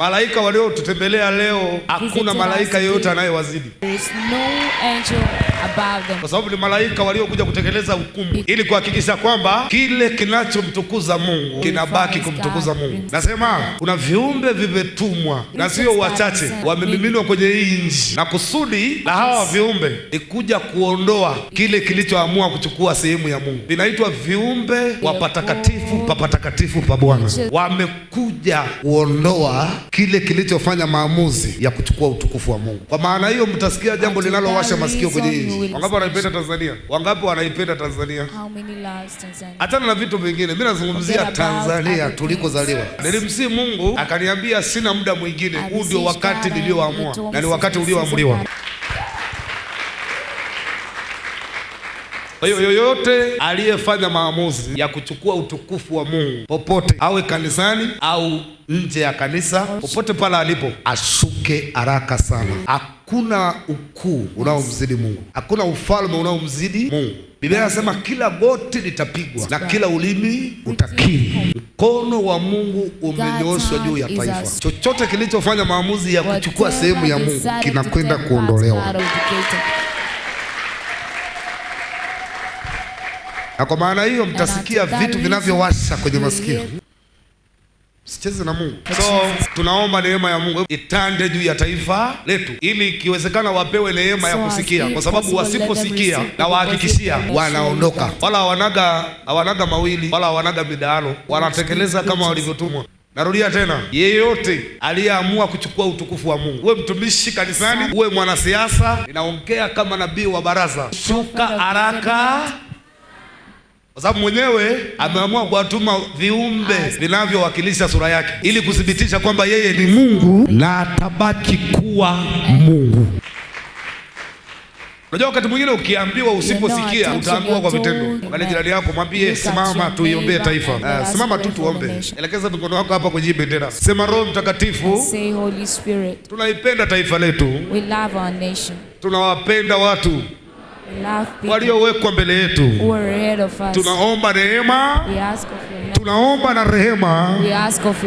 Malaika waliotutembelea leo hakuna malaika yeyote anayewazidi, kwa sababu ni malaika waliokuja kutekeleza hukumu ili kuhakikisha kwamba kile kinachomtukuza Mungu kinabaki kumtukuza Mungu. Nasema kuna viumbe vimetumwa na sio wachache, wamemiminwa kwenye hii nchi, na kusudi la hawa viumbe ni kuja kuondoa kile kilichoamua kuchukua sehemu ya Mungu. Vinaitwa viumbe wapatakatifu papatakatifu pa Bwana, wamekuja kuondoa kile kilichofanya maamuzi ya kuchukua utukufu wa Mungu. Kwa maana hiyo mtasikia jambo linalowasha masikio kwenye nchi. Wangapi wanaipenda Tanzania? Wangapi wanaipenda Tanzania? Hata na vitu vingine, mimi nazungumzia Tanzania tulikozaliwa. nilimsii Mungu akaniambia, sina muda mwingine, huu ndio wakati nilioamua, na ni wakati ulioamriwa. Kwa hiyo yoyote aliyefanya maamuzi ya kuchukua utukufu wa Mungu popote, awe kanisani au nje ya kanisa, popote pale alipo, ashuke haraka sana. Hakuna ukuu unaomzidi Mungu, hakuna ufalme unaomzidi Mungu. Biblia inasema kila goti litapigwa na kila ulimi utakiri. Mkono wa Mungu umenyooshwa juu ya taifa. Chochote kilichofanya maamuzi ya kuchukua sehemu ya Mungu kinakwenda kuondolewa. na kwa maana hiyo mtasikia vitu vinavyowasha kwenye masikio. Sicheze na Mungu. So tunaomba neema ya Mungu itande juu ya taifa letu, ili ikiwezekana wapewe neema ya kusikia, kwa sababu wasiposikia, na wahakikishia wanaondoka, wala hawanaga hawanaga mawili wala hawanaga midahalo, wanatekeleza kama walivyotumwa. Narudia tena, yeyote aliyeamua kuchukua utukufu wa Mungu, uwe mtumishi kanisani, uwe mwanasiasa, ninaongea kama nabii wa baraza, shuka haraka kwa sababu mwenyewe ameamua kuwatuma viumbe vinavyowakilisha sura yake ili kuthibitisha kwamba yeye ni Mungu na atabaki kuwa Mungu. Unajua, wakati mwingine ukiambiwa usiposikia utaambiwa kwa vitendo. Angalia jirani yako, mwambie simama, tuiombee taifa. Uh, simama tu tuombe. Elekeza mikono yako hapa kwenye bendera, sema Roho Mtakatifu, tunaipenda taifa letu, tunawapenda watu waliowekwa mbele yetu, tunaomba rehema, tunaomba na rehema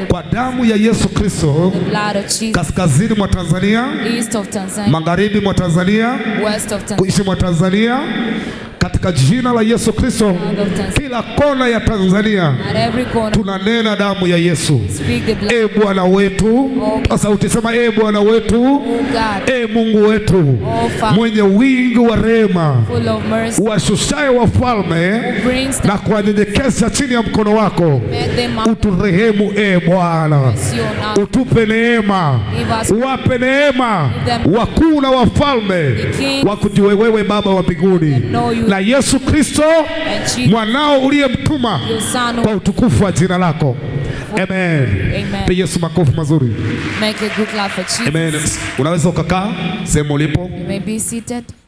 kwa damu ya Yesu Kristo, kaskazini mwa Tanzania, magharibi mwa Tanzania, kuishi mwa Tanzania katika jina la Yesu Kristo, kila kona ya Tanzania tunanena damu ya Yesu. E Bwana wetu, oh kwa sauti sema, e Bwana wetu, oh e Mungu wetu oh mwenye wingi wa rehema, washushaye wafalme na kuwanyenyekesha chini ya mkono wako, uturehemu e Bwana, utupe neema, wape neema wakuu na wafalme wakujue wewe Baba wa mbinguni na Yesu Kristo eh, mwanao uliyemtuma kwa utukufu wa jina lako. Amen. Pe Yesu makofi mazuri. Make a good laugh for Jesus. Amen. Unaweza ukakaa sehemu ulipo. You may be seated.